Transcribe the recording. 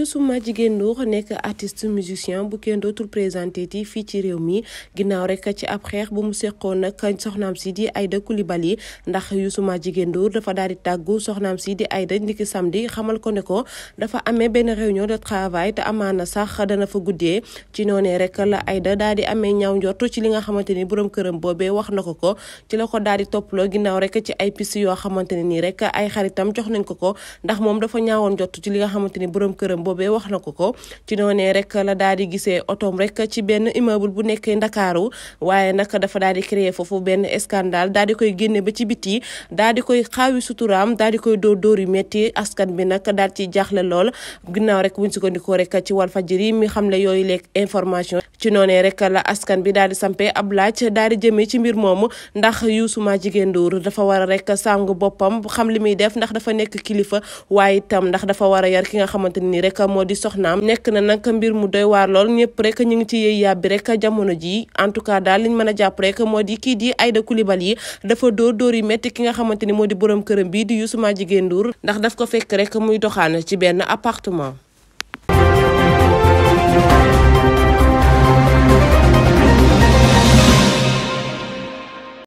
Youssou Jigéen Ndour nekk artiste musicien bu kenn dootul présenté fii ci réew mi ginnaaw rek ci ab xeex bu mu seqoon nag soxnaam si di Aïda Coulibaly ndax Youssou Jigéen Ndour dafa daal di tàggu soxnaam si di Aïda ndiki samedi xamal ko ne ko dafa ame benn réunion de travail te amaana sax dana fa guddee ci noonee rek la Aïda daal di ame ñaaw njort ci li nga xamante ni borom këram boobee na ko ko ci la ko daal di toppaloo ginnaaw rek ci ay piste yoo xamante ne nii rek ay xaritam jox nañ ko ko ndax moom dafa ñaawoon njort ci li nga xamante ni borom këram boobee wax na ko ko ci noonee rek la daal di gisee otoom rek ci benn immeuble bu nekk Ndakaaru waaye nag dafa daal di créer foofu benn scandale daal di koy génne ba ci biti daal di koy xaawi suturaam daal di koy door dóor metti métti askan bi nag daal ci jaaxle lool ginnaaw rek buñ sukkandikoo rek ci Walfadjri mi xam ne yooyu lekk information ci noonee rek la askan bi daal di sampee ab laaj daal di jëmee ci mbir moomu ndax Youssou jigéen Ndour dafa war a rek sàng boppam xam li muy def ndax dafa nekk kilifa waaye itam ndax dafa war a yar ki nga xamante ni moo di soxnaam nekk na nag mbir mu doy waar lool ñëpp rek ñu ngi ci yëy yàbbi rek jamono ji en tout cas daal liñ mën a jàpp rek moo di kii di kulibal yi dafa dóor dóor yi métti ki nga xamante ni moo di borom këram bii di Youssou Madjiguène Ndour ndax daf ko fekk rek muy doxaan ci benn appartement